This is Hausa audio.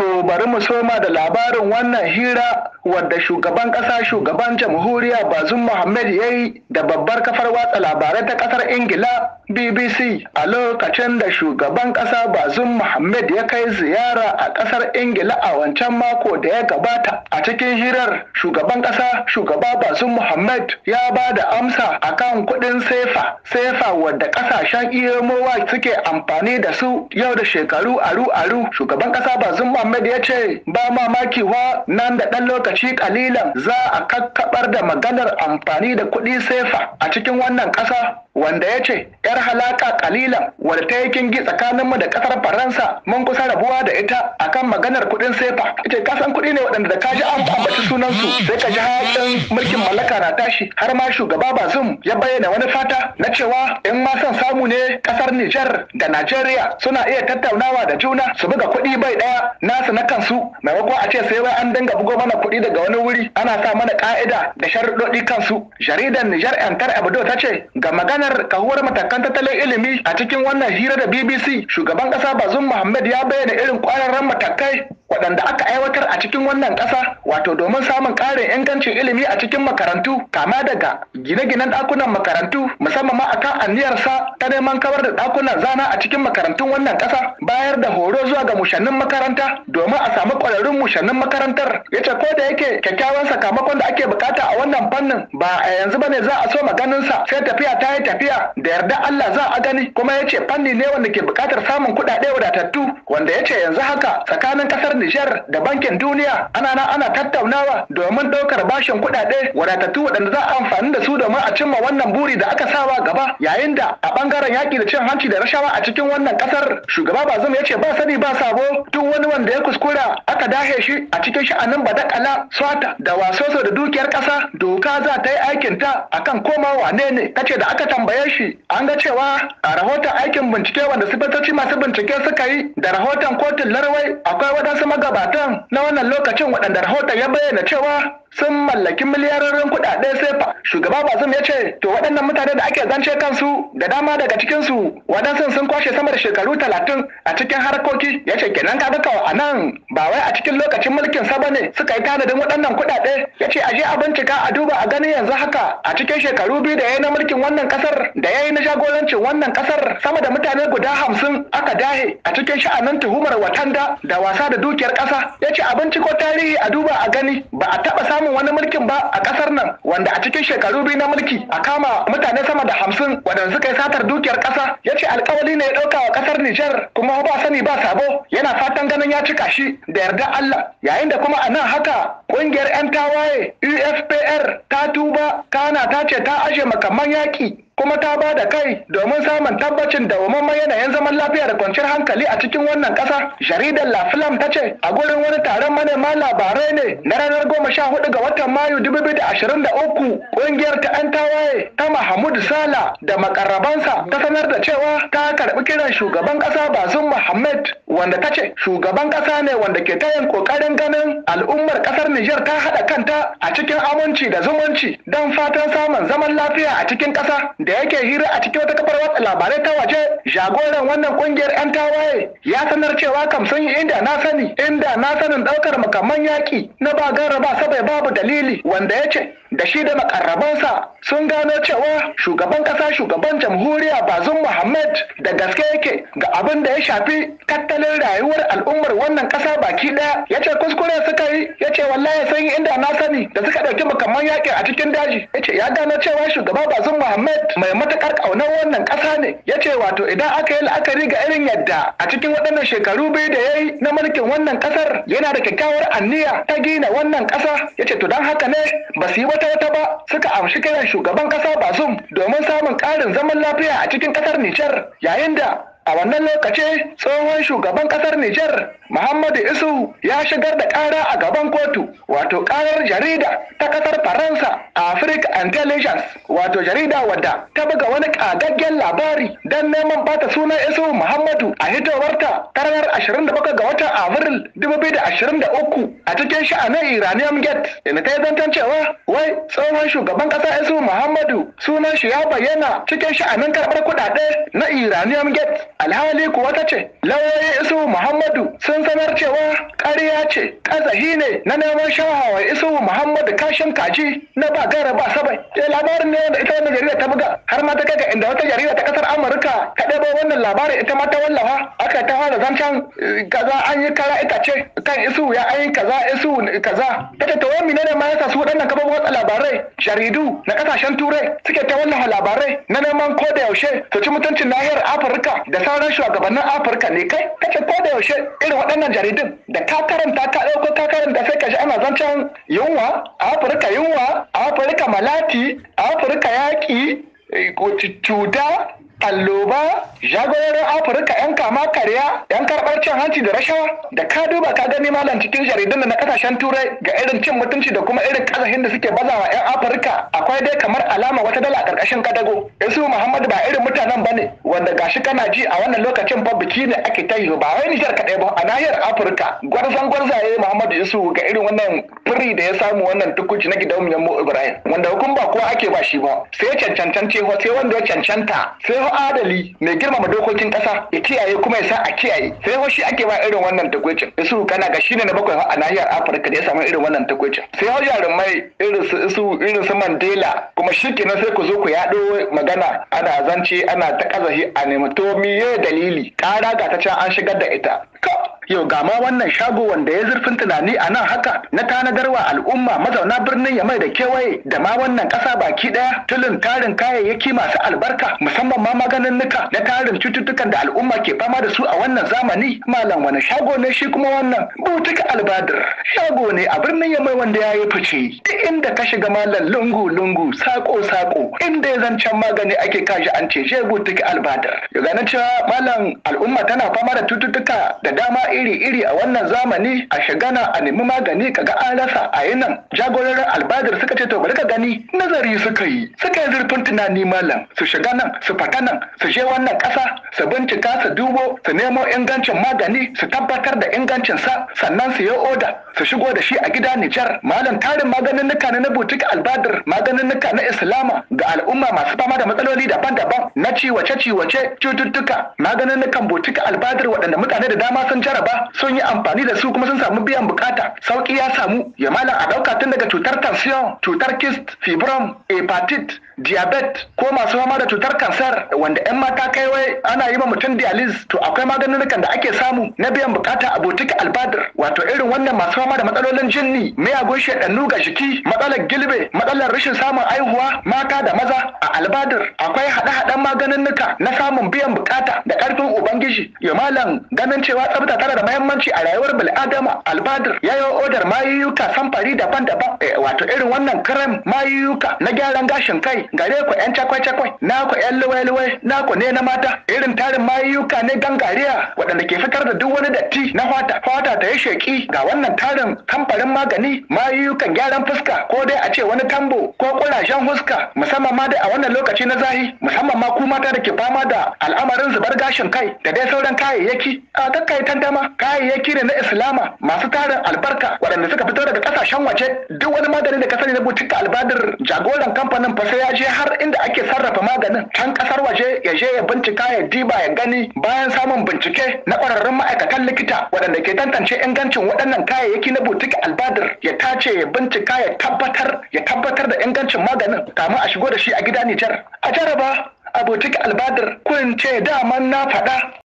To bari mu soma da labarin wannan hira wadda shugaban ƙasa shugaban jamhuriya bazum muhammad ya yi da babbar kafar watsa labarai ta ƙasar ingila bbc a lokacin da shugaban ƙasa bazum muhammad ya kai ziyara a ƙasar ingila a wancan mako da ya gabata a cikin hirar shugaban ƙasa shugaba bazum muhammad ya ba da amsa a kan kuɗin sefa sefa wadda ƙasashen iyamowa suke amfani da su yau da shekaru aru aru shugaban ƙasa bazum muhammad ya ce ba mamaki wa nan da ɗan lokaci lokaci kalilan za a kakkabar da maganar amfani da kuɗi sefa a cikin wannan ƙasa wanda ya ce ‘yar halaka kalilan wadda ta yi kingi tsakaninmu da ƙasar Faransa mun kusa rabuwa da ita akan maganar kuɗin sefa. ce kasan kuɗi ne waɗanda da ka ji an ambaci sunansu sai ka ji hayaƙin mulkin mallaka na tashi har ma shugaba ba Bazum ya bayyana wani fata na cewa in ma son samu ne ƙasar Nijar da Najeriya suna iya tattaunawa da juna su buga kuɗi bai ɗaya nasu na kansu maimakon a ce sai wai an dinga bugo mana kuɗi daga wani wuri ana sa mana ka'ida da sharuɗoɗi kansu jaridar Nijar Yantar Abdo ta ce ga maganar kahuwar matakan tattalin ilimi a cikin wannan hira da BBC shugaban ƙasa Bazum Muhammad ya bayyana irin kwararren matakai waɗanda aka aiwatar a cikin wannan ƙasa wato domin samun ƙarin ingancin ilimi a cikin makarantu kama daga gine-ginen ɗakunan makarantu musamman ma akan sa ta neman kawar da ɗakunan zana a cikin makarantun wannan ƙasa bayar da horo zuwa ga mushannin makaranta domin a samu ƙwararrun mushannin makarantar yace ce ko da yake kyakkyawan sakamakon da ake bukata a wannan fannin ba a yanzu bane za a so maganinsa sai tafiya ta yi tafiya da yarda Allah za a gani kuma ya ce fanni ne wanda ke bukatar samun kuɗaɗe wadatattu wanda ya ce yanzu haka tsakanin ƙasar Nijar da bankin duniya ana nan ana tattaunawa domin ɗaukar bashin kuɗaɗe wadatattu waɗanda za a amfani da su domin a cimma wannan buri da aka sawa gaba yayin da a bangaren yaƙi da cin hanci da rashawa a cikin wannan ƙasar shugaba ba Bazum ya ce ba sani ba sabo tun wani wanda ya kuskura aka dahe shi a cikin sha'anin badakala swata da wasoso da dukiyar ƙasa doka za ta yi aikin ta akan koma wane ne kace da aka tambaye shi an ga cewa a rahoton aikin bincike wanda sifatoci masu bincike suka yi da rahoton kotun larwai akwai wadansu magabatan na wannan lokacin waɗanda rahoton ya bayyana cewa sun mallaki miliyararren sai sefa shugaba bazum ya ce to waɗannan mutane da ake zance kansu da dama daga cikinsu waɗansu sun kwashe sama da shekaru talatin a cikin harkoki ya ce kenan ka duka a nan ba wai a cikin lokacin mulkin sa bane suka yi tanadin waɗannan kuɗaɗe ya ce a je a bincika a duba a gani yanzu haka a cikin shekaru biyu da ya yi na mulkin wannan ƙasar da ya yi na jagorancin wannan ƙasar sama da mutane guda hamsin aka dahe a cikin sha'anin tuhumar watanda da wasa da dukiyar ƙasa ya ce a binciko tarihi a duba a gani ba a taɓa samun wani mulkin ba a kasar nan wanda a cikin shekaru biyu na mulki a kama mutane sama da hamsin wadanda suka yi satar dukiyar kasa ya ce alkawali ne ya dauka wa kasar Nijar kuma ba sani ba sabo yana fatan ganin ya cika shi da yarda Allah yayin da kuma a nan haka kungiyar 'yan tawaye UFPR ta tuba kana ta ce ta aje makamman yaƙi kuma ta ba da kai domin samun tabbacin da umarman yanayin zaman lafiya da kwanciyar hankali a cikin wannan kasa. Jaridar La Flam ta ce a gurin wani taron manema labarai ne na ranar goma sha hudu ga watan Mayu dubu biyu da ashirin da uku kungiyar ta 'yan tawaye ta Mahmud Sala da makarrabansa ta sanar da cewa ta karbi kiran shugaban kasa Bazum Muhammad wanda ta ce shugaban kasa ne wanda ke tayin kokarin ganin al'ummar kasar Nijar ta haɗa kanta a cikin aminci da zumunci don fatan samun zaman lafiya a cikin kasa. da yake hira a cikin wata kafar watsa labarai ta waje jagoran wannan kungiyar 'yan tawaye ya sanar cewa kam sun yi inda na sani inda na sanin daukar makaman yaƙi na ba gara ba sabai babu dalili wanda ya ce da shi da makarrabansa sun gano cewa shugaban kasa shugaban jamhuriya bazum muhammad da gaske yake ga abin da ya shafi tattalin rayuwar al'ummar wannan kasa baki daya ya ce kuskure suka yi ya ce wallahi sun yi inda na sani da suka ɗauki makaman yaƙi a cikin daji ya ce ya gano cewa shugaba bazum muhammad mai matakar ƙaunar wannan ƙasa ne ya ce wato idan aka yi la'akari ga irin yadda a cikin waɗannan shekaru biyu da ya yi na mulkin wannan ƙasar yana da kyakkyawar anniya ta gina wannan ƙasa ya ce to don haka ne ba su yi wata wata ba suka amshi kiran shugaban ƙasa bazum domin samun ƙarin zaman lafiya a cikin ƙasar Nijar yayin da a wannan lokaci tsohon shugaban ƙasar Nijar Muhammadu Isu ya shigar da ƙara a gaban kotu wato ƙarar jarida ta ƙasar Faransa Africa Intelligence wato jarida wadda ta buga wani ƙagaggen labari don neman bata suna Isu Muhammadu a hitowarta ta ranar 27 ga watan afril 2023 a cikin sha'anin Iranium Gate in kai zantan cewa wai tsohon shugaban ƙasa Isu Muhammadu sunan shi ya bayyana cikin sha'anin karɓar kuɗaɗe na Iranian Gate alhali kuwa ta ce lauyoyin Isu Muhammadu sun sun sanar cewa ƙarya ce ƙazahi ne na neman shahawa isuhu muhammadu kashin kaji na ba gara ba sabai eh, labarin ne wanda ita wannan jarida ta buga har ma ta kai ga inda wata jarida ta kasar amurka ta ɗebo wannan labarin ita ma ta wallafa aka ta fara zancen eh, kaza an yi kara ce kan isu ya an yi kaza isu kaza ta ce to wai ne ma yasa su waɗannan kafofin watsa labarai jaridu na kasashen turai suke ta wallafa labarai na neman ko da yaushe su ci mutuncin nahiyar afirka da sauran shugabannin afirka ne kai ta ce ko da yaushe irin waɗannan jaridun da ka karanta ka ɗauko ka karanta sai ka shi ana zancen yunwa afirka yunwa afirka malati afirka yaƙi eh, cuta alloba jagororin afirka yan kama karya yan karbar cin hanci da rashawa da ka duba ka gani malam cikin jaridun da na kasashen turai ga irin cin mutunci da kuma irin kasashen da suke bazawa yan afirka akwai dai kamar alama wata dala a ƙarƙashin kadago isu muhammadu ba irin mutanen bane wanda gashi kana ji a wannan lokacin ba biki ne ake ta yi ba wai nijar kaɗai ba a nahiyar afirka gwarzan gwarzaye muhammadu isu ga irin wannan firi da ya samu wannan tukunci na gidan mu ibrahim wanda hukum ba kowa ake ba shi ba sai cancantan ce sai wanda ya cancanta sai adali mai girmama dokokin ƙasa ya kiyaye kuma ya sa a kiyaye sai wa ake ba irin wannan takwacin isu kana ga shine na bakwai a nahiyar afirka da ya samu irin wannan takwicin sai wa jarumai irin su irin su mandela kuma shi kenan sai ku zo ku yaɗo magana ana zance ana ta kazahi a nemi to miye dalili kara ga ta can an shigar da ita yau ga wannan shago wanda ya zurfin tunani a nan haka na tanadarwa al'umma mazauna birnin yamai da kewaye da ma wannan ƙasa baki ɗaya tulin tarin kayayyaki masu albarka musamman ma maganin nika na tarin cututtukan da al'umma ke fama da su a wannan zamani malam wani shago ne shi kuma wannan butik albadir shago ne a birnin yamai wanda ya yi fice duk inda ka shiga malam lungu lungu sako sako inda ya zancen magani ake kashi an ce butik albadir daga ganin cewa malam al'umma tana fama da cututtuka da dama iri-iri a wannan zamani a shigana a nemi magani kaga an rasa a yi nan jagororin albadar suka ce to bari ka gani nazari suka yi suka yi zurfin tunani malam su shiga nan su fata nan su je wannan kasa su bincika su dubo su nemo ingancin magani su tabbatar da ingancin sa sannan su yi oda su shigo da shi a gida Nijar malam tarin maganin nuka na butik albadar maganin nuka na islama ga al'umma masu fama da matsaloli daban-daban na ciwace-ciwace cututtuka maganin maganinnukan butik albadar waɗanda mutane da dama sun jaraba ba sun yi amfani da su kuma sun samu biyan bukata sauki ya samu ya malam a dauka tun daga cutar tension cutar kist fibrom hepatit diabet ko masu fama da cutar kansar wanda 'yan mata kai wai ana yi ma mutum dialis to akwai maganin da ake samu na biyan bukata a botik albadar wato irin wannan masu fama da matsalolin jinni miyagun shaɗannu ga jiki matsalar gilbe matsalar rashin samun aihuwa mata da maza a albadar akwai haɗe-haɗen maganin na samun biyan bukata da ƙarfin ubangiji ya malam ganin cewa tsabta yana da mahimmanci a rayuwar bil'adama albadir ya yi odar mayuka samfari daban-daban eh, wato irin wannan kiran mayuka na gyaran gashin kai gare ku yan cakwai-cakwai na ku yan luwai-luwai na ku ne na mata irin tarin mayuka ne gangariya waɗanda ke fitar da duk wani datti na fata fata ta yi sheki ga wannan tarin kamfanin magani mayukan gyaran fuska ko dai a ce wani tambo ko kurashen fuska musamman ma dai a wannan lokaci na zahi musamman ma ku mata da ke fama da al'amarin zubar gashin kai da dai sauran kayayyaki a kakkai tantama kuma kayayyaki ne na islama masu tarin albarka waɗanda suka fito daga kasashen waje duk wani magani da ka sani na butika albadir jagoran kamfanin fa sai ya je har inda ake sarrafa maganin can kasar waje ya je ya bincika ya diba ya gani bayan samun bincike na ƙwararrun ma'aikatan likita waɗanda ke tantance ingancin waɗannan kayayyaki na butika albadir ya tace ya bincika ya tabbatar ya tabbatar da ingancin maganin kamun a shigo da shi a gida Nijar a jaraba a butik albadar kun ce daman na faɗa